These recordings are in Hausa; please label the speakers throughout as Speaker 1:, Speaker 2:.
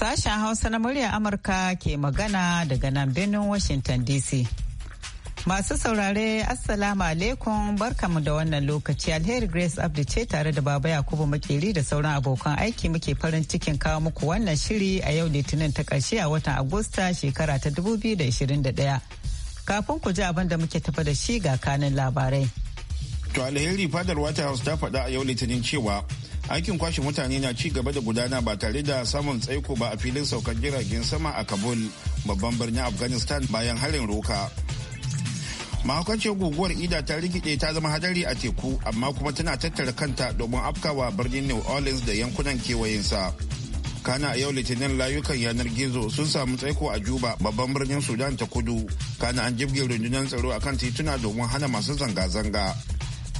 Speaker 1: Sashen Hausa na murya Amurka ke magana daga nan birnin Washington DC. Masu saurare Assalamu alaikum barkamu da wannan lokaci alheri Grace Abdi ce tare da Baba Yakubu Makeri da sauran abokan aiki muke farin cikin kawo muku wannan shiri a yau Litinin ta ƙarshe a watan Agusta shekara ta 2021. Kafin ku ji abin da muke tafa da shi ga kanin labarai.
Speaker 2: To alheri fadar wata ta faɗa a yau Litinin cewa aikin kwashe mutane na ci gaba da gudana ba tare da samun tsaiko ba a filin saukar jiragen sama a kabul babban birnin afghanistan bayan harin roka mahaukaciyar guguwar ida ta rikide ta zama hadari a teku amma kuma tana tattara kanta domin afkawa birnin new orleans da yankunan kewayensa kana a yau litinin layukan yanar gizo sun samu tsaiko a juba babban birnin sudan ta kudu kana an jibge rundunar tsaro akan tituna domin hana masu zanga-zanga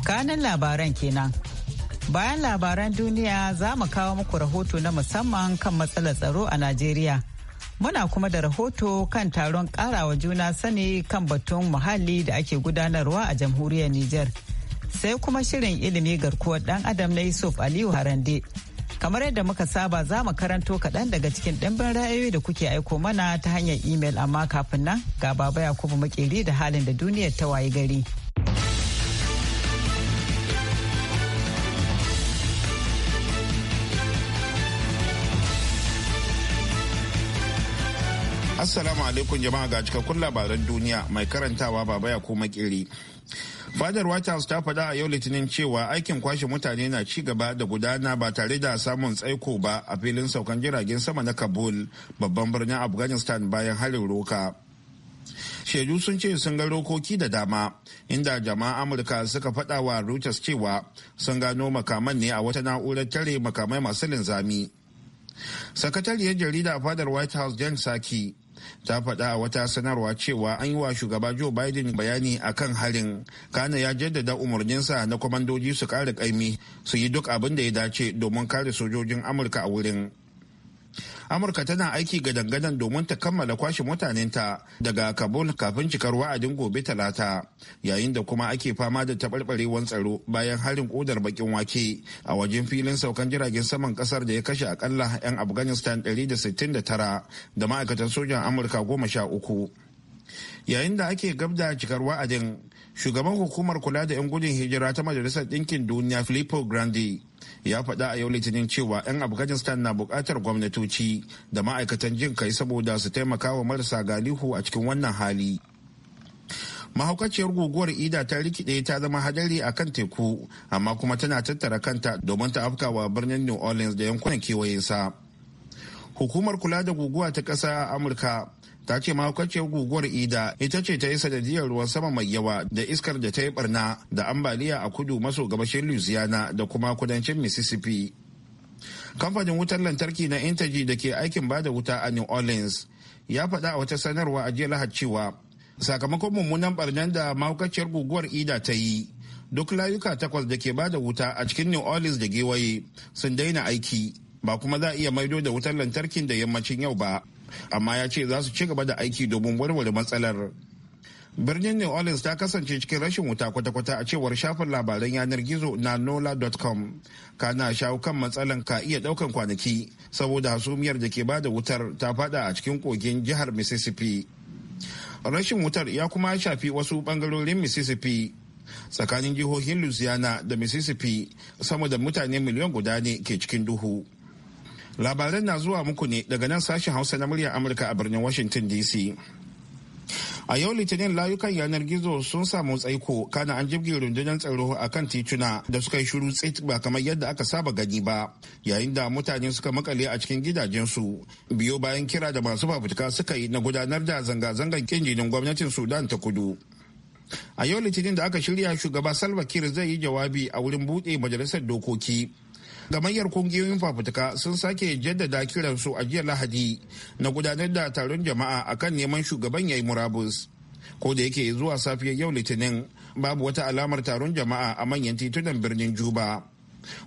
Speaker 1: kanan labaran kenan Bayan labaran duniya za mu kawo muku rahoto na musamman kan matsalar tsaro a Najeriya. Muna kuma da rahoto kan taron karawa juna sani kan batun muhalli da ake gudanarwa a jamhuriyar Nijar. Sai kuma shirin ilimi garkuwar ɗan adam na Yusuf Aliyu Harande. Kamar yadda muka saba za mu karanto kaɗan daga cikin ɗimbin ra'ayoyi da kuke aiko mana ta hanyar imel amma kafin nan ga baba Yakubu makeri da halin da duniyar ta wayi gari.
Speaker 2: Assalamu alaikum jama'a ga cikakkun labaran duniya mai karantawa baba ya koma kiri. Fadar White House ta faɗa a yau litinin cewa aikin kwashe mutane na ci gaba da gudana ba tare da samun tsaiko ba a filin saukan jiragen sama na Kabul babban birnin Afghanistan bayan harin roka. shaidu sun ce sun ga rokoki da dama inda jama'a amurka suka faɗa wa reuters cewa sun gano makaman ne a wata na'urar tare makamai masu linzami sakatariyar jarida a fadar white house jen saki ta faɗa a wata sanarwa cewa an yi wa shugaba joe biden bayani a kan halin. kana ya jaddada umarninsa na kwamandoji su ƙara ƙaimi su yi duk abin da ya dace domin kare sojojin amurka a wurin amurka tana aiki ga dangadan domin ta kammala kwashe mutanen ta daga kabul kafin cikar wa'adin gobe talata yayin da kuma ake fama da taɓarɓarewar tsaro bayan harin kodar bakin wake a wajen filin saukan jiragen saman ƙasar da ya kashe akalla 'yan afghanistan 169 da ma'aikatan sojan amurka 13 yayin da ake gabda cikar wa'adin shugaban hukumar kula da 'yan gudun hijira ta majalisar ɗinkin duniya filippo grandi ya faɗa a yau litinin cewa 'yan afghanistan na buƙatar gwamnatoci da ma'aikatan jin kai saboda su taimaka wa marasa galihu a cikin wannan hali mahaukaciyar guguwar ida ta rikide ta zama hadari a kan teku amma kuma tana tattara kanta domin ta afkawa birnin new orleans da yankunan kewayensa hukumar kula da guguwa ta ƙasa amurka ta ce mahaukaciyar guguwar ida ita ce ta yi sanadiyar ruwan sama mai yawa da iskar da ta yi barna da ambaliya a kudu maso gabashin louisiana da kuma kudancin mississippi kamfanin wutar lantarki na intaji da ke aikin bada wuta a new orleans ya faɗa a wata sanarwa a jiya lahad cewa sakamakon mummunan barnan da mahaukaciyar guguwar ida ta yi duk layuka takwas da ke bada wuta a cikin new orleans da gewaye sun daina aiki ba kuma za a iya maido da wutar lantarkin da yammacin yau ba amma ya ce za su ci gaba da aiki domin warware matsalar birnin new orleans ta kasance cikin rashin wuta kwata-kwata a cewar shafin labaran yanar gizo na nola.com kana shawo kan matsalan ka iya daukan kwanaki saboda hasumiyar da ke bada wutar ta fada a cikin kogin jihar mississippi rashin wutar ya kuma shafi wasu bangarorin mississippi tsakanin jihohin louisiana da mississippi sama da mutane miliyan guda ne ke cikin duhu labaran na zuwa muku ne daga nan sashen hausa na muryar amurka a birnin washington dc a yau litinin layukan yanar gizo sun samu tsaiko kana an jibge rundunar tsaro a kan tituna da suka yi shuru tsit ba kamar yadda aka saba gani ba yayin da mutane suka makale a cikin gidajensu biyo bayan kira da masu fafutuka suka yi na gudanar da zanga-zangar kin gwamnatin sudan ta kudu a yau litinin da aka shirya shugaba salva kiir zai yi jawabi a wurin buɗe majalisar dokoki gamayyar kungiyoyin fafutuka sun sake jaddada su a jiya lahadi na gudanar da taron jama'a akan neman shugaban yayi murabus ko da yake zuwa safiyar yau litinin babu wata alamar taron jama'a a manyan titunan birnin juba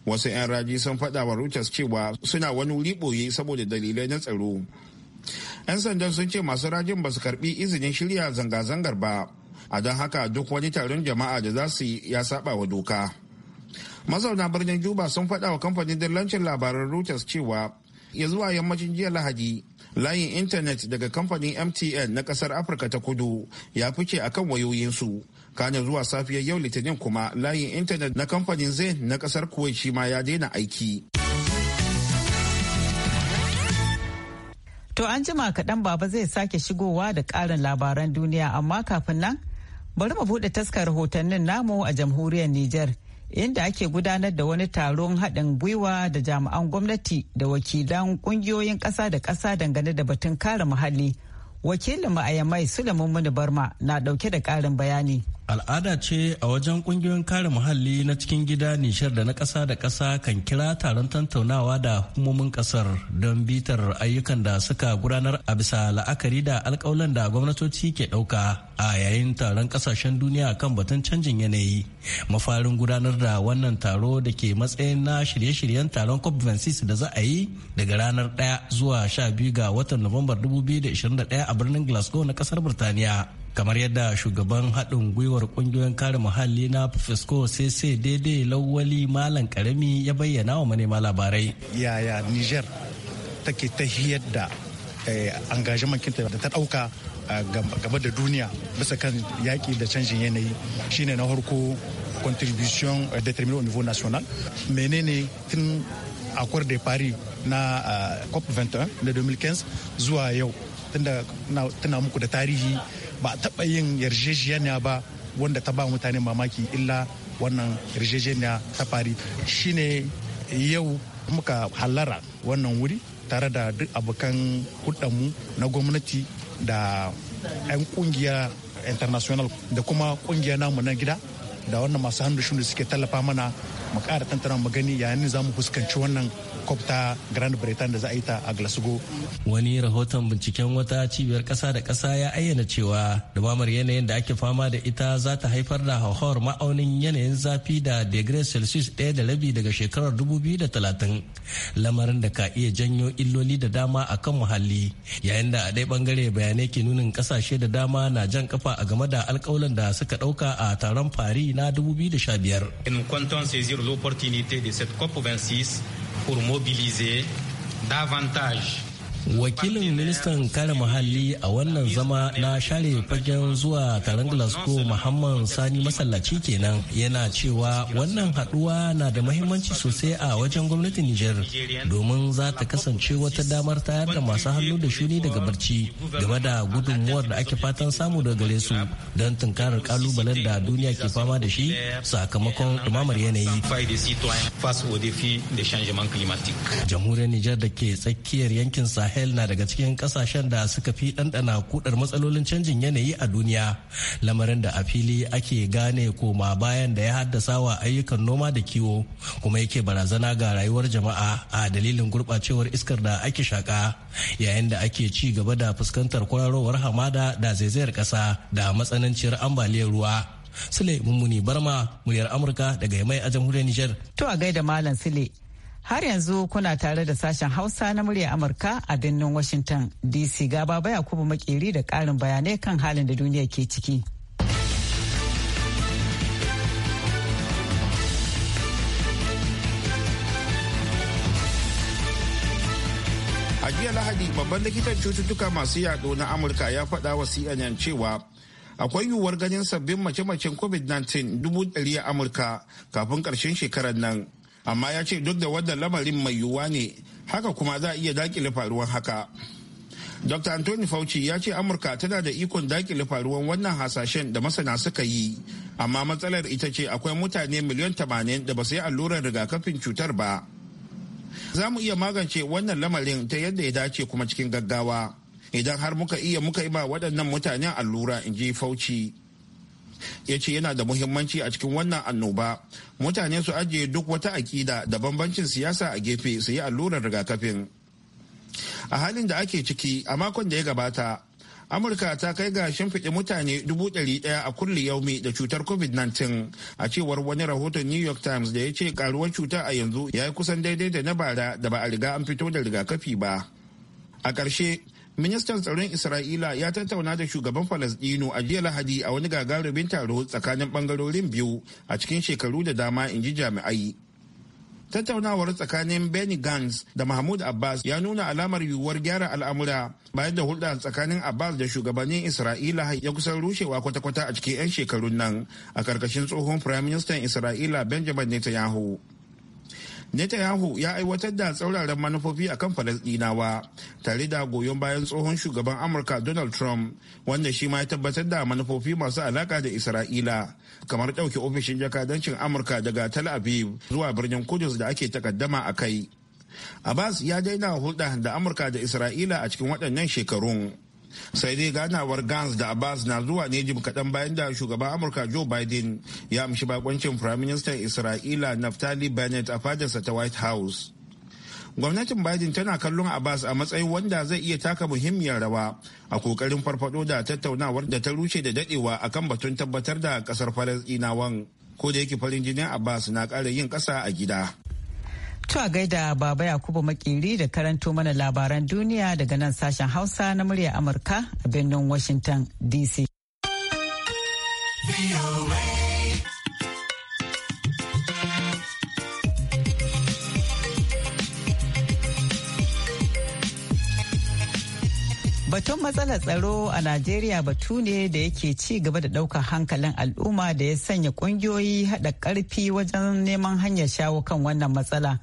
Speaker 2: wasu 'yan raji sun faɗa wa reuters cewa suna wani wuri ɓoye saboda dalilai na tsaro 'yan sandan sun ce masu rajin ba su karbi izinin shirya zanga-zangar ba a don haka duk wani taron jama'a da za su ya saba wa doka mazauna birnin juba sun faɗa wa kamfanin dillancin labaran reuters cewa ya zuwa yammacin jiya lahadi layin intanet daga kamfanin mtn na kasar afirka ta kudu ya fice akan wayoyinsu kane zuwa safiyar yau litinin kuma layin intanet na kamfanin zai na kasar kuwait shi ma ya daina aiki
Speaker 1: to an jima kaɗan baba zai sake shigowa da ƙarin labaran duniya amma kafin nan bari mu buɗe taskar rahotannin namu a jamhuriyar niger inda ake gudanar da wani taron haɗin gwiwa da jami'an gwamnati da wakilan ƙungiyoyin ƙasa da ƙasa dangane da batun kare muhalli wakilin ma'ayamai sulamun muni barma na ɗauke da ƙarin bayani
Speaker 3: al'ada ce a wajen kungiyoyin kare muhalli na cikin gida nishar da na ƙasa da ƙasa kan kira taron tattaunawa da hukumomin ƙasar don bitar ayyukan da suka gudanar a bisa la'akari da alƙawalan da gwamnatoci ke ɗauka a yayin taron kasashen duniya kan batun canjin yanayi mafarin gudanar da wannan taro da ke matsayin na shirye-shiryen taron cop 26 da za a yi daga ranar 1 zuwa 12 ga watan nuwambar 2021 a birnin glasgow na ƙasar birtaniya kamar yadda shugaban haɗin gwiwar ƙungiyoyin kare muhalli na fesco sai daidai lawali malam karami ya bayyana wa manema labarai
Speaker 4: yaya niger take ta hiyar da eh, engagement makinta da ta ɗauka eh, gaba da duniya bisa kan yaƙi da canjin yanayi shine na harko contribution eh, determinée au niveau national menene tun accord de paris na cop 21 na 2015 zuwa yau tunda muku da tarihi ba a taɓa yin yarjejeniya ba wanda ta ba mutane mamaki illa wannan yarjejeniya ta fari shine yau muka halara wannan wuri tare da duk abokan hudanmu na gwamnati da 'yan kungiya international da kuma kungiya namu na gida da wannan masu hannu shuni suke tallafa mana mu ƙara tantana mu gani yayin za mu fuskanci wannan kwabta grand britain da za a yi ta a glasgow
Speaker 3: wani rahoton binciken wata cibiyar kasa da kasa ya ayyana cewa dumamar yanayin da ake fama da ita za ta haifar da hauhawar ma'aunin yanayin zafi da degree celsius ɗaya da rabi daga shekarar 2030 lamarin da ka iya janyo illoli da dama a kan muhalli yayin da a ɗaya bangare bayanai ke nunin kasashe da dama na jan kafa a game da alƙawalin da suka ɗauka a taron paris Nous
Speaker 5: comptons saisir l'opportunité de cette COP26 pour mobiliser
Speaker 4: davantage
Speaker 3: wakilin ministan kare muhalli a wannan zama na share fagen zuwa taron glasgow muhammad sani masallaci kenan yana cewa wannan haduwa na da mahimmanci sosai a wajen gwamnatin niger domin za ta kasance wata damar tayar da masu hannu da shuni daga barci game da gudunmuwar da ake fatan samu daga gare su don tunkarar kalubalen da duniya ke fama da shi sakamakon dumamar yanayi jamhuriyar nijar da ke tsakiyar yankin sahel sahel na daga cikin kasashen da suka fi ɗanɗana kudar matsalolin canjin yanayi a duniya lamarin da a fili ake gane koma bayan da ya haddasa wa ayyukan noma da kiwo kuma yake barazana ga rayuwar jama'a a dalilin gurɓacewar iskar da ake shaka yayin da ake ci gaba da fuskantar kwararowar hamada da zaizayar ƙasa da matsananciyar ambaliyar ruwa Sule Mummuni Barma, muryar Amurka daga
Speaker 1: Yamai a jamhuriyar Nijar. To a gaida Malam Sule, Har yanzu kuna tare da sashen Hausa na murya Amurka a birnin Washington DC gaba baya kuma makeri da ƙarin bayanai kan halin da duniya ke ciki.
Speaker 2: A jiya Lahadi babban likitan cututtuka masu yaɗo na Amurka ya faɗa wa CNN cewa akwai yiwuwar ganin sabbin mace-macen COVID-19 dubu ɗari a Amurka kafin ƙarshen shekarar nan. amma ya ce duk da wannan lamarin mai yiwuwa ne haka kuma za a iya dakile faruwan haka dr anthony fauci ya ce amurka tana da ikon dakile faruwan wannan hasashen da masana suka yi amma matsalar ita ce akwai mutane miliyan tamanin da ba su yi allurar rigakafin cutar ba za mu iya magance wannan lamarin ta yadda ya dace kuma cikin gaggawa idan har muka iya muka yi ba waɗannan mutanen allura in ji fauci ya ce yana da muhimmanci a cikin wannan annoba mutane su ajiye duk wata akida da bambancin siyasa a gefe su yi allurar rigakafin a halin da ake ciki a makon da ya gabata amurka ta kai ga shimfiɗe mutane dubu ɗari ɗaya a kulli yaumi da cutar covid-19 a cewar wani rahoton new york times da ya ce karuwar cuta a yanzu ya yi kusan daidai da na bara da ba a riga an fito da rigakafi ba a ƙarshe ministan tsaron isra'ila ya tattauna da shugaban falasdino a jiya lahadi a wani gagarumin taro tsakanin bangarorin biyu a cikin shekaru da dama in ji jami'ai tattaunawar tsakanin benny gantz da mahmud abbas ya nuna alamar yiwuwar gyara al'amura bayan da hulɗa tsakanin abbas da shugabannin isra'ila ya kusan rushewa kwata-kwata a cikin 'yan shekarun nan a karkashin tsohon firaministan isra'ila benjamin netanyahu Netanyahu ya aiwatar da tsauraran manufofi akan Falasɗinawa tare da goyon bayan tsohon shugaban Amurka Donald Trump wanda shi ma ya tabbatar da manufofi masu alaka da Isra'ila kamar ɗauke ofishin jakadancin Amurka daga Tel Aviv zuwa birnin Kudus da ake takaddama a kai. Abbas ya daina hulɗa da Amurka da Isra'ila a cikin waɗannan shekarun. sai dai ganawar gans da abbas na zuwa ne jim kaɗan bayan da shugaban amurka joe biden ya amshi bakoncin firaministan isra'ila naftali bennett a fadarsa ta white house gwamnatin biden tana kallon abbas a matsayin wanda zai iya taka muhimmiyar rawa a kokarin farfado da tattaunawar da ta rushe da dadewa akan batun tabbatar da kasar falasdinawan ko da yake farin jinin abbas na ƙara yin ƙasa a gida
Speaker 1: Tuwa gaida Baba Yakubu Makeri da karanto mana labaran duniya daga nan sashen Hausa na murya Amurka a birnin Washington DC. Batun matsalar tsaro a Najeriya batu ne da yake ci gaba da ɗaukar hankalin al'umma da ya sanya ƙungiyoyi haɗa ƙarfi wajen neman hanyar shawo kan wannan matsala.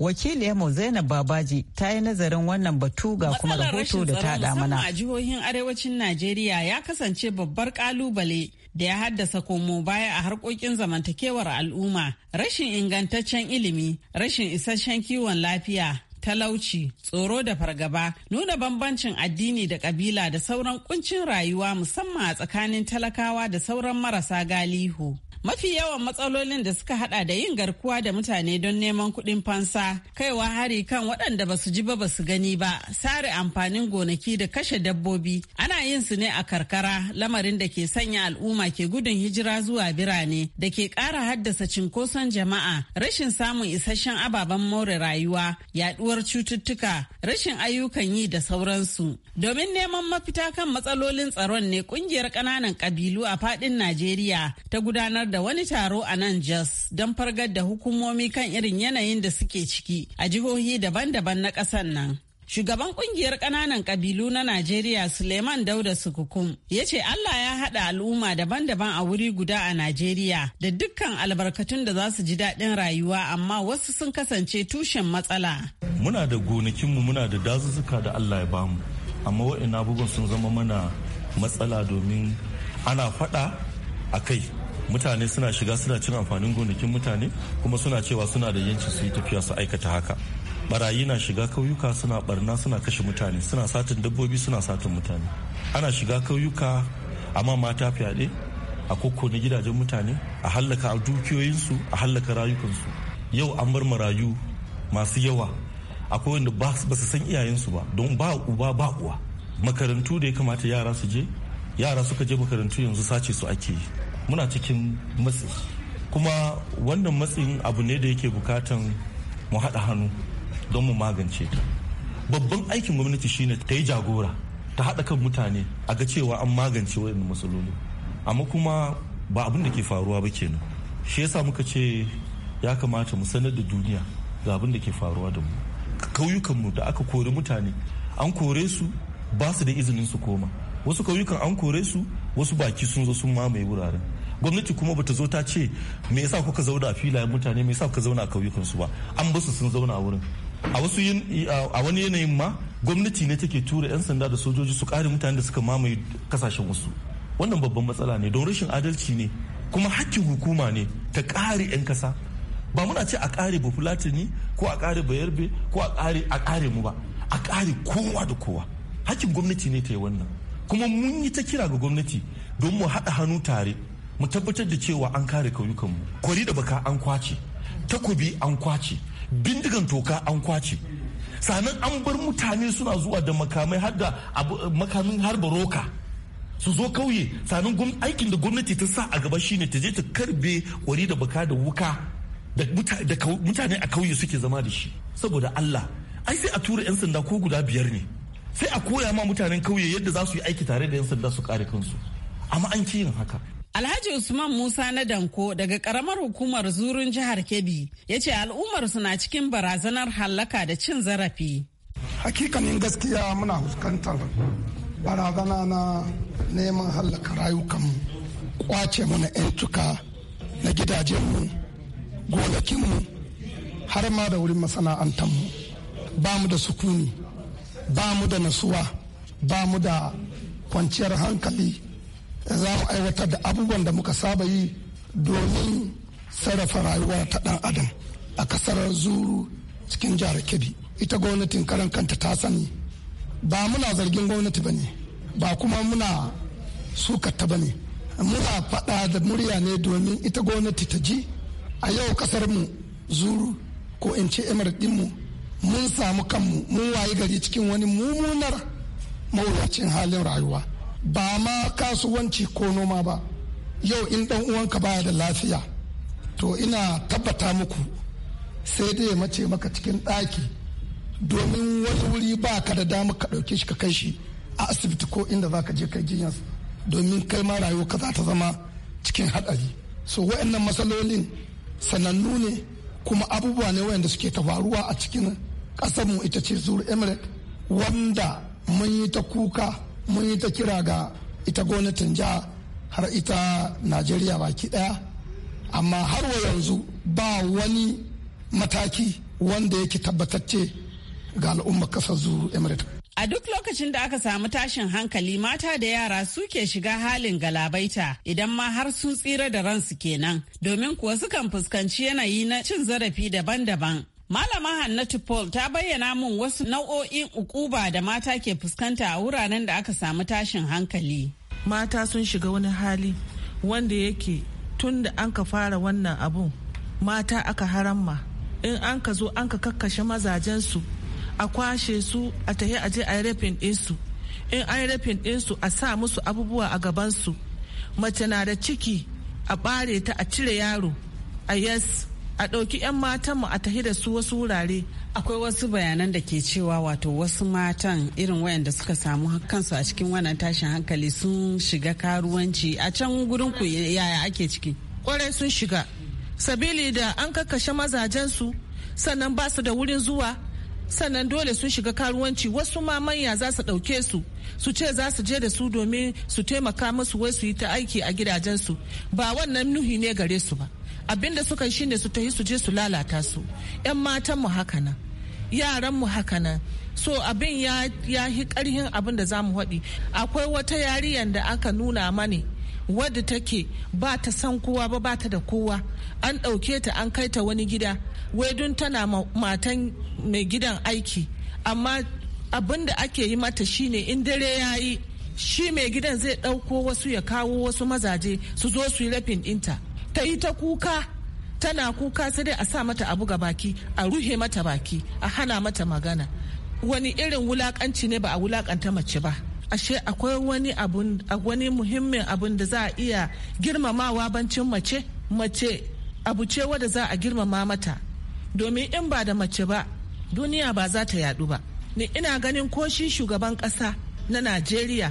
Speaker 1: wakiliyarmu zainab babaji ta yi nazarin wannan batu ga kuma rahoto da ta da mana a
Speaker 6: jihohin arewacin najeriya ya kasance babbar kalubale da ya haddasa komo baya a harkokin zamantakewar al'umma rashin ingantaccen ilimi rashin isasshen kiwon lafiya talauci, tsoro da fargaba, nuna bambancin addini da kabila da sauran kuncin rayuwa musamman a tsakanin talakawa da sauran marasa galihu. Mafi yawan matsalolin da suka hada da yin garkuwa da mutane don neman kuɗin fansa, kaiwa hari kan waɗanda ba su ji ba ba su gani ba, sare amfanin gonaki da kashe dabbobi. Ana Ana yin su ne a karkara lamarin da ke sanya al'umma ke gudun hijira zuwa birane da ke kara haddasa cinkoson jama'a, rashin samun isasshen ababen more rayuwa, yaduwar cututtuka, rashin ayyukan yi da sauransu. Domin neman mafita kan matsalolin tsaron ne kungiyar ƙananan ƙabilu a fadin Najeriya ta gudanar da wani taro a nan Jos don fargar da hukumomi kan irin yanayin da suke ciki a jihohi daban-daban na ƙasar nan. Shugaban kungiyar ƙananan ƙabilu na Najeriya Suleiman Dauda Sukukum ya ce Allah ya haɗa al'umma daban-daban a wuri guda a Najeriya da dukkan albarkatun da za su ji daɗin rayuwa amma wasu sun kasance tushen matsala.
Speaker 5: Muna da gonakinmu muna da dazuzzuka da Allah ya bamu amma wa'in abubuwan sun zama mana matsala domin ana faɗa a kai mutane suna shiga suna cin amfanin gonakin mutane kuma suna cewa suna da yanci su yi tafiya su aikata haka barayi na shiga kauyuka suna barna suna kashe mutane suna satin dabbobi suna satin mutane ana shiga kauyuka amma mata fyaɗe a kokkone gidajen mutane a hallaka dukiyoyinsu a hallaka rayukansu yau an bar marayu masu yawa akwai wanda ba su san iyayensu ba don ba uba ba uwa makarantu da ya kamata yara su je yara suka je makarantu yanzu sace su ake yi muna cikin matsi kuma wannan matsin abu ne da yake bukatan mu haɗa hannu don mu magance ta babban aikin gwamnati shine ta yi jagora ta haɗa kan mutane a ga cewa an magance waɗannan matsaloli amma kuma ba abin da ke faruwa ba kenan shi yasa muka ce ya kamata mu sanar da duniya ga abin da ke faruwa da mu kauyukanmu da aka kori mutane an kore su ba su da izinin su koma wasu kauyukan an kore su wasu baki sun zo sun mamaye wuraren gwamnati kuma bata zo ta ce me yasa kuka zauna a filayen mutane me yasa kuka zauna a kauyukan su ba an basu sun zauna a wurin a wasu a wani yanayin ma gwamnati ne take tura 'yan sanda da sojoji su kare mutane da suka mamaye kasashen wasu wannan babban matsala ne don rashin adalci ne kuma hakkin hukuma ne ta kare 'yan kasa ba muna ce a kare bafulatani ko a kare bayarbe ko a kare a kare mu ba a kare kowa da kowa hakkin gwamnati ne ta yi wannan kuma mun yi ta kira ga gwamnati don mu haɗa hannu tare mu tabbatar da cewa an kare mu. kwari da baka an kwace takobi an kwace bindigan toka an kwace sannan an bar mutane suna zuwa da makamai har da makamin harba roka su zo kauye sannan aikin da gwamnati ta sa a gaba shine ta je ta karbe wari da baka da wuka da mutane a kauye suke zama da shi saboda Allah ai sai a tura 'yan sanda ko guda biyar ne sai a koya ma mutanen kauye yadda za su yi aiki tare da 'yan sanda su kare kansu amma an ki yin haka
Speaker 6: Alhaji Usman Musa na Danko daga karamar hukumar Zurun jihar Kebbi ya ce al'ummar su na cikin barazanar hallaka da cin zarafi.
Speaker 7: Hakikanin gaskiya muna fuskantar barazana na neman hallaka rayukanmu kwace mana 'yantuka na gidajenmu gonakinmu har ma da wurin masana'antarmu ba mu da sukuni ba mu da nasuwa ba mu da kwanciyar hankali za mu aiwatar da abubuwan da muka saba yi domin sarrafa rayuwa ta dan adam a kasar zuru cikin jihar kebbi ita gwamnatin karan kanta ta sani ba muna zargin gwamnati ba ne ba kuma muna sukata ba ne muna faɗa da murya ne domin ita gwamnati ta ji a yau kasar mu zuru ko in ce ɗin mu. mun samu kanmu mun wayi gari cikin wani mummunar mawuyacin halin rayuwa ba ma kasuwanci ko noma ba yau in dan uwanka baya da lafiya to ina tabbata muku sai dai mace maka cikin ɗaki domin wani wuri ba ka da dama ka ɗauke shi ka kai shi a asibiti ko inda za ka je kai jinyarsa domin kai ma rayuwa za ta zama cikin haɗari so wayannan matsalolin sanannu ne kuma abubuwa ne wayanda suke tabaruwa a cikin mu ita ce zuru emirate wanda mun yi ta kuka mun yi ta kira ga ita gwamnatin jiha har ita najeriya baki daya amma har wa yanzu ba wani mataki wanda yake tabbatacce ga al'ummar kasar zu emirate
Speaker 6: A duk lokacin da aka samu tashin hankali mata da yara suke shiga halin galabaita idan ma har sun tsira da ransu kenan domin kuwa sukan fuskanci yanayi na cin zarafi daban-daban Malama Hannatu Paul ta bayyana mun wasu nau'o'in ukuba da mata ke fuskanta a wuraren da aka samu tashin hankali. Mata sun shiga wani hali wanda yake tun da an ka fara wannan abun
Speaker 8: mata aka haramma in an ka zo an ka kakkashe mazajensu a kwashe su a tahi a je a rafin ɗinsu in an rafin ɗinsu a sa musu abubuwa a gabansu mace na da ciki a ɓare ta a cire yaro a yes
Speaker 6: a ɗauki 'yan mu a tafi da su wasu wurare akwai wasu bayanan da ke cewa wato wasu matan irin wayanda suka samu kansu a cikin wannan tashin hankali sun shiga karuwanci a can gurin ku yaya ake ciki kwarai sun shiga sabili da
Speaker 8: an kakkashe mazajensu sannan ba su da wurin zuwa sannan dole sun shiga karuwanci wasu ma manya za su ɗauke su su ce za su je da su domin su taimaka musu wai su yi ta aiki a gidajensu ba wannan nuhi ne gare su ba abinda da suka yi shine su tafi su je su lalata su yan matan mu haka nan yaran mu haka nan so abin ya ya karhin abin da zamu haɗi akwai wata yariyan da aka nuna mani wadda take ba ta san kowa ba ba ta da kowa an ɗauke ta an kai ta wani gida wai dun tana matan mai gidan aiki amma abin da ake yi mata shine in dare ya yi shi mai gidan zai ɗauko wasu ya kawo wasu mazaje su zo su yi rafin ɗinta ta yi ta kuka tana kuka sai dai a sa mata abu ga baki a ruhe mata baki a hana mata magana wani irin wulakanci ne ba a wulakanta mace ba ashe akwai wani abun wani muhimmin abu da za a iya girmamawa bancin mace mace abu ce wadda za a girmama mata domin in ba da mace ba duniya ba za ta yadu ba ni ina ganin ko shi shugaban kasa na najeriya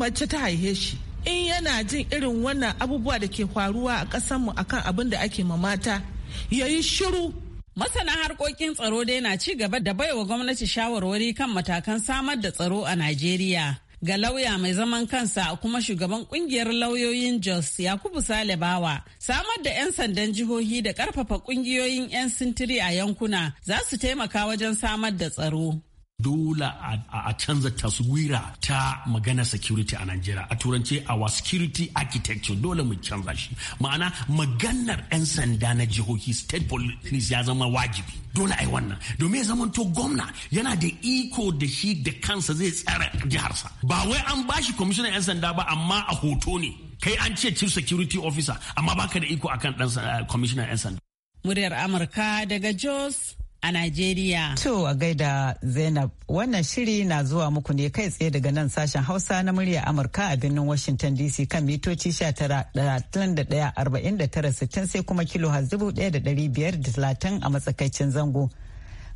Speaker 8: mace ta haihe shi in yana jin irin wannan abubuwa da ke faruwa a a akan abin da ake ma mata
Speaker 6: ya yi shiru Masana harkokin tsaro dai na ci gaba da baiwa gwamnati shawarwari kan matakan samar da tsaro a Najeriya. Ga lauya mai zaman kansa kuma shugaban kungiyar lauyoyin Jos Yakubu Salibawa samar da 'yan sandan jihohi da karfafa kungiyoyin 'yan sintiri a yankuna za su taimaka wajen samar da tsaro. dole
Speaker 9: a canza taswira ta magana security a Najeriya a turance our security architecture dole mu canza shi ma'ana maganar 'yan sanda na jihohi state police ya zama wajibi dole a yi wannan domin ya zama to gwamna yana da iko da shi da kansa zai tsara jiharsa ba wai an bashi commissioner 'yan sanda ba amma a hoto ne kai an ce chief security officer amma baka da iko akan dan commissioner eh, 'yan sanda
Speaker 6: muryar amurka daga jos a Najeriya. To a gaida Zainab wannan
Speaker 1: shiri na zuwa muku ne kai tsaye daga nan sashen Hausa na murya Amurka a birnin Washington DC kan mitoci 19,31,49,60 sai kuma kilo talatin a matsakaicin zango.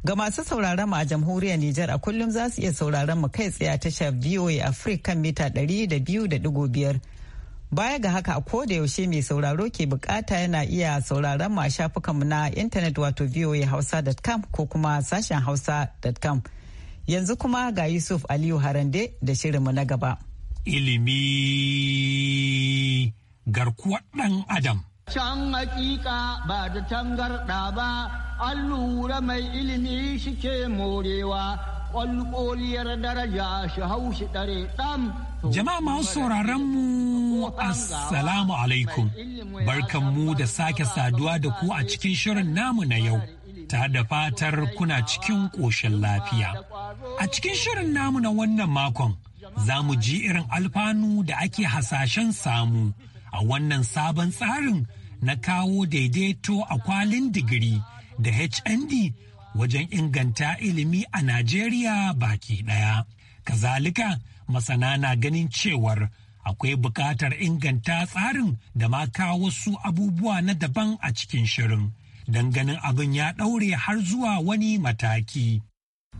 Speaker 1: Ga masu sauraron mu a jamhuriyar Nijar a kullum za su iya sauraron mu kai tsaye a tashar VOA Africa kan mita 200.5 Baya ga haka a koda yaushe mai sauraro ke bukata yana iya sauraron mu a shafukanmu na intanet wato voahausa.com ko kuma sashen hausa.com. Yanzu kuma ga Yusuf Aliyu Harande da shirin mu na gaba.
Speaker 9: Ilimi garkuwar dan Adam.
Speaker 3: Can hakika ba da tangarɗa ba, an mai ilimi shike morewa daraja Jama'a masu sauraron mu
Speaker 9: Assalamu alaikum, barkan mu da sake saduwa da ku a cikin shirin namu na yau. Ta da fatar kuna cikin ƙoshin lafiya. A cikin shirin namu na wannan makon, za mu ji irin alfanu da ake hasashen samu a wannan sabon tsarin na kawo daidaito a kwalin digiri da HND wajen inganta ilimi a Najeriya baki ɗaya. Kazalika masana na ganin cewar akwai buƙatar inganta tsarin da ma kawo wasu abubuwa na daban a cikin shirin. Don ganin abin ya ɗaure har zuwa wani mataki.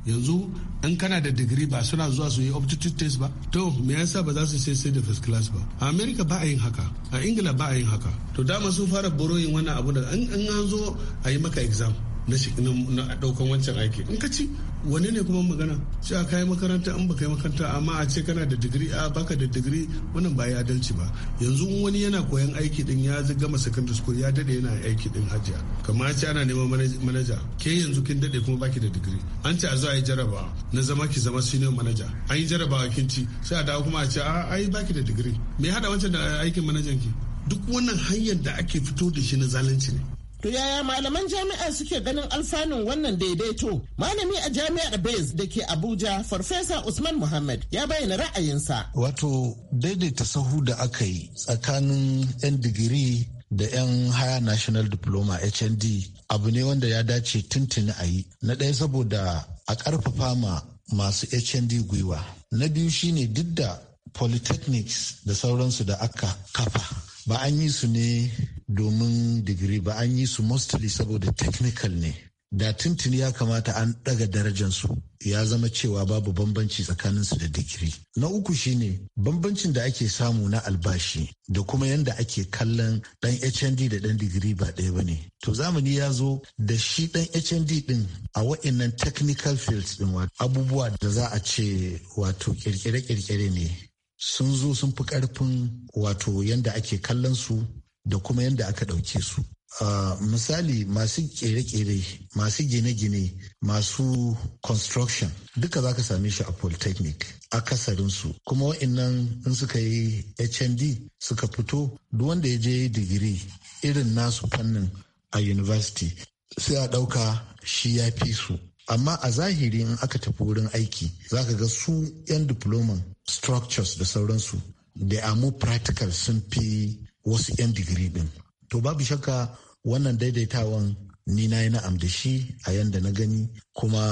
Speaker 9: yanzu in kana
Speaker 5: da digiri ba suna zuwa su yi optitude test ba to me yasa ba za su sai sai da first class ba a Amerika ba a yin haka a ingila ba a yin haka to dama sun fara boroyin wannan abu da in an zo a yi maka exam na daukan wancan aiki in ka ci wani ne kuma magana cewa ka yi makaranta in baka yi makaranta amma a ce kana da digiri a baka da digiri wannan ba ya adalci ba yanzu wani yana koyan aiki din ya gama secondary school ya dade yana aiki din hajiya kamar ce ana neman manaja ke yanzu kin dade kuma baki da digiri
Speaker 2: an ce a zo a yi jaraba
Speaker 5: na zama ki zama senior manager an yi jaraba kin ci sai a dawo kuma a ce a ai baki da digiri me hada wancan da aikin manajan ki duk wannan hanyar da ake fito da shi na zalunci ne
Speaker 8: To yaya malaman jami'a suke ganin alfanun wannan daidaito? Malami a jami'ar Bez da ke Abuja, Farfesa Usman Muhammad ya bayyana ra'ayinsa.
Speaker 4: Wato daidaita sahu da aka yi tsakanin 'yan digiri da 'yan haya national diploma hnd abu ne wanda ya dace tuntuni a yi na ɗaya saboda a ƙarfafa ma masu hnd gwiwa na biyu shine duk da polytechnics da sauransu da aka kafa ba an yi su ne domin digiri ba an yi su mostly saboda technical ne da tuntuni ya kamata an daga darajansu ya zama cewa babu bambanci tsakaninsu da digiri. Na uku shine bambancin da ake samu na albashi da kuma yanda ake kallon dan HND da dan digiri ba ɗaya ba ne. To zamani ya zo da shi dan HND din a wa'innan technical fields din abubuwa da za a ce wato kirkire-kirkire ne sun zo sun fi karfin wato yanda ake kallon su da kuma yadda aka ɗauke su. Uh, misali masu kere-kere masu gine-gine masu construction duka za ka same shi a polytechnic a kasarinsu. kuma nan in suka yi hnd suka fito duk wanda ya je digiri irin nasu fannin a university sai a ɗauka shi ya fi su amma a zahiri in aka tafi wurin aiki za ka ga su 'yan diploman structures da sauransu da amu practical sun fi wasu 'yan digiri ɗin. To babu shakka wannan daidaitawan ni na yi na'am da shi a yanda na gani kuma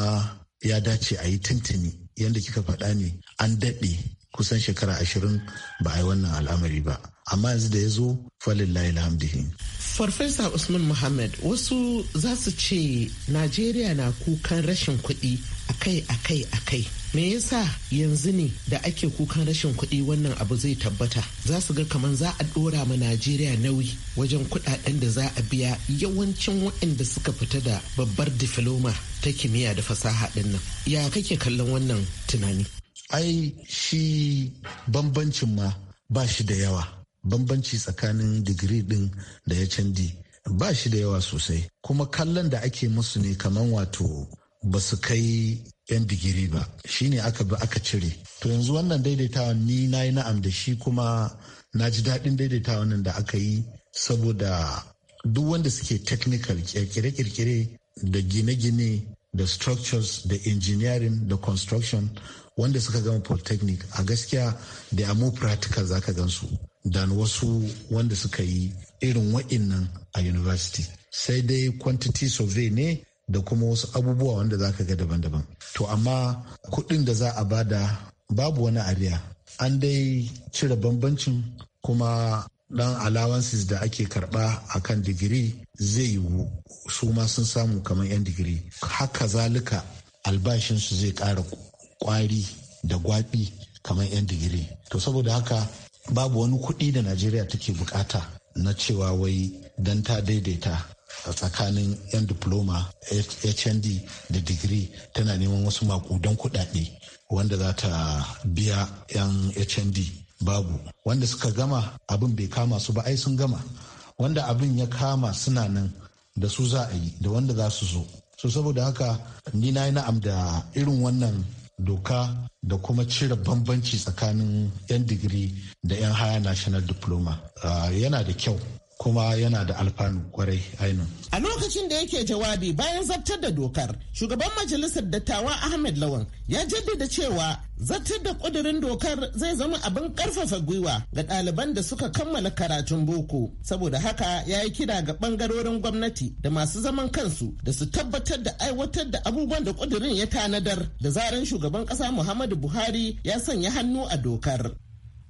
Speaker 4: ya dace a yi tuntuni yanda kika faɗa ne an daɗe kusan shekara ashirin ba a yi wannan al'amari ba amma yanzu da ya zo falillahi farfesa usman muhammad wasu za su ce najeriya na kukan rashin kuɗi akai akai akai
Speaker 8: me yasa yanzu ne da ake kukan rashin kuɗi wannan abu zai tabbata za su ga kamar za a ɗora ma najeriya nauyi wajen kuɗaɗen da za a biya yawancin waɗanda
Speaker 4: suka fita da babbar difiloma ta kimiyya da fasaha ɗin nan ya kake kallon wannan tunani ai shi bambancin ma ba shi da yawa bambanci tsakanin digiri ɗin da ya candi ba shi da yawa sosai kuma kallon da ake musu ne kamar wato ba su kai 'yan digiri ba shi ne aka bi aka cire to yanzu wannan daidaitawa ni na yi na'am da shi kuma na ji daɗin daidaitawa nan da aka yi saboda duk wanda suke technical kirkire-kirkire da gine-gine da structures da engineering da construction wanda suka gama polytechnic a gaskiya da amu practical zaka gansu dan wasu wanda suka yi irin wa'innan a university sai dai quantity survey ne da kuma wasu abubuwa wanda za ka ga daban-daban to amma kuɗin da za a bada babu wani ariya an dai cire bambancin kuma ɗan allowances da ake karɓa a kan digiri zai yiwu su ma sun samu kamar 'yan digiri haka zalika albashinsu zai ƙara ƙwari da gwaɓi kamar 'yan digiri to saboda haka babu wani kuɗi da najeriya take bukata na cewa wai don ta daidaita tsakanin 'yan diploma hnd da digiri tana neman wasu makudan kudade wanda za ta biya 'yan hnd babu wanda suka gama abin bai kama su ba ai sun gama wanda abin ya kama suna nan da su za a yi da wanda za su zo so saboda haka ni na yi na'am da irin wannan doka da kuma cire bambanci tsakanin 'yan digiri da 'yan haya national diploma ah, yana da kyau kuma yana da alfanu kwarai ainihin.
Speaker 8: A lokacin da yake jawabi bayan zartar da dokar, shugaban majalisar dattawa Ahmed Lawan ya jaddada cewa zartar da kudirin dokar zai zama abin karfafa gwiwa ga ɗaliban da suka kammala karatun boko. Saboda haka ya yi kira ga ɓangarorin gwamnati da masu zaman kansu da su tabbatar da aiwatar da abubuwan da kudirin ya tanadar da zaran shugaban ƙasa Muhammadu Buhari ya sanya hannu a dokar.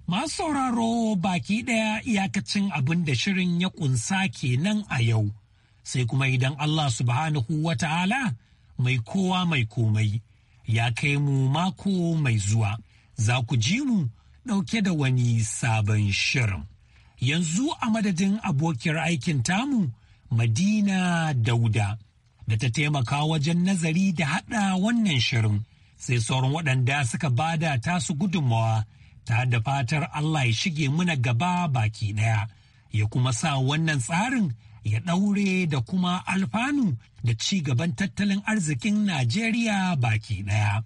Speaker 9: Masu sauraro baki ɗaya iyakacin abin da shirin ya ƙunsa ke nan a yau, sai kuma idan Allah subhanahu wa ta'ala mai kowa mai komai ya kai mu mako mai zuwa, za ku ji mu ɗauke da wani sabon shirin. Yanzu a madadin abokiyar aikin tamu Madina Dauda da ta taimaka wajen nazari da haɗa wannan shirin, sai sauran waɗanda suka bada tasu gudunmawa. ta da fatar Allah ya shige muna gaba baki ɗaya, ya kuma sa wannan tsarin ya ɗaure da kuma alfanu da ci gaban tattalin arzikin Najeriya baki ɗaya.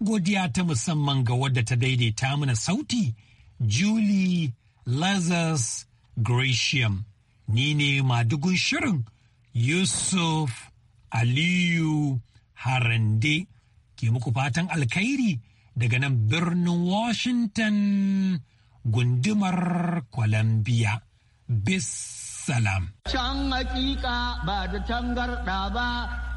Speaker 9: Godiya ta musamman ga wadda ta daidaita mana sauti, Julie Lazarus Gratiam, ni ne madugun shirin Yusuf Aliyu Harande, ke muku fatan alkhairi. daga nan birnin Washington gundumar Columbia. Bis Can
Speaker 3: hakika ba da tangarɗa ba,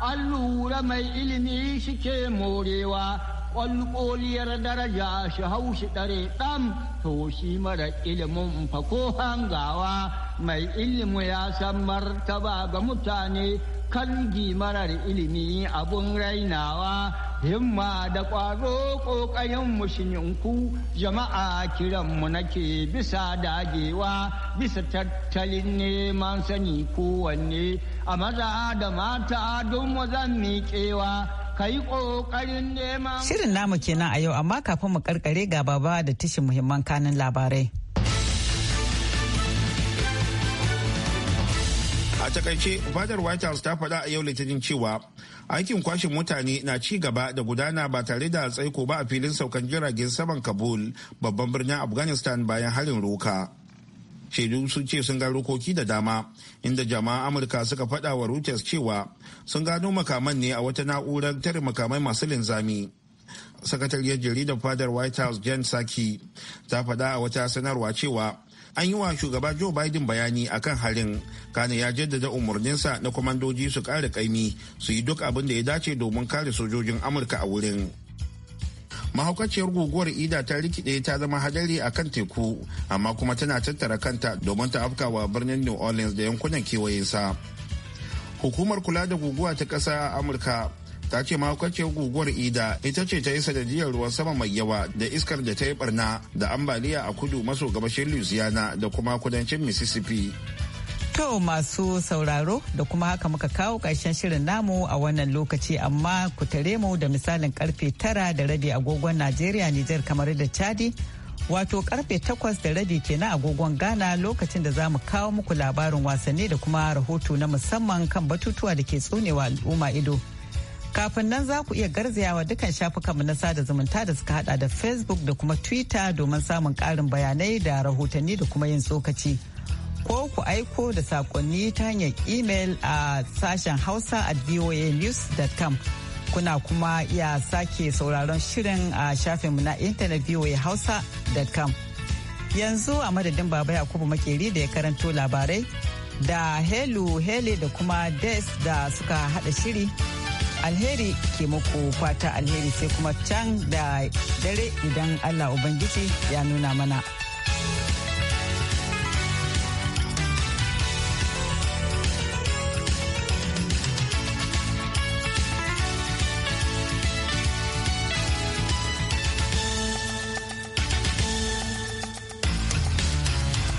Speaker 3: an lura mai ilimi shike morewa, ƙwalƙoliyar daraja shi haushi ɗare ɗan to shi mara ilimin fako hangawa, mai ilimi ya san martaba ga mutane kan marar ilimi abun rainawa. himma da ƙwaro ƙoƙayen mushininku jama'a kiranmu nake bisa dagewa bisa tattalin neman sani kowanne a maza da mata don zan miƙewa kai ƙoƙarin neman. Shirin
Speaker 1: namu kenan a yau amma kafin mu karkare ga baba da tashin muhimman kanin labarai.
Speaker 2: takaice fadar white house ta faɗa a yau litinin cewa aikin kwashin mutane na ci gaba da gudana ba tare da tsaiko ba a filin saukan jiragen saman kabul babban birnin afghanistan bayan harin roka shaidu sun ce sun ga rokoki da dama inda jama'a amurka suka faɗa wa reuters cewa sun gano makaman ne a wata na'urar tare makamai masu linzami sakatariyar jaridar fadar white house jen saki ta faɗa a wata sanarwa cewa an yi wa shugaba joe biden bayani akan harin kane ya jaddada umarninsa na kwamandoji su kare kaimi su yi duk abin da ya dace domin kare sojojin amurka a wurin mahaukaciyar guguwar ida ta rikide ta zama hadari a kan teku amma kuma tana tattara kanta domin ta afkawa birnin new orleans da yankunan kewayensa hukumar kula da guguwa ta ƙasa amurka ta ce mahaukaciyar guguwar ida ita ce ta yi sanadiyar ruwan sama mai yawa da iskar da ta yi barna da ambaliya a kudu maso gabashin louisiana da kuma kudancin mississippi
Speaker 1: To masu sauraro da kuma haka muka kawo ƙarshen shirin namu a wannan lokaci amma ku tare mu da misalin karfe tara da rabi agogon Najeriya Nijar kamar da Chadi wato karfe takwas da rabi kenan agogon Ghana lokacin da za mu kawo muku labarin wasanni da kuma rahoto na musamman kan batutuwa da ke tsonewa al'umma ido. Kafin nan za ku iya garzayawa dukkan shafukanmu na sada zumunta da suka hada da Facebook da kuma Twitter domin samun ƙarin bayanai da rahotanni da kuma yin tsokaci. Ko ku aiko da saƙonni ta hanyar email a sashen Hausa at voanews.com. Kuna kuma iya sake sauraron shirin a shafinmu na intanet voahausa.com. Yanzu a madadin Baba Yakubu Makeri da ya karanto labarai da Helu Hele da kuma Des da suka hada shiri. alheri ke muku fata alheri sai kuma can da dare idan Allah Ubangiji ya nuna mana.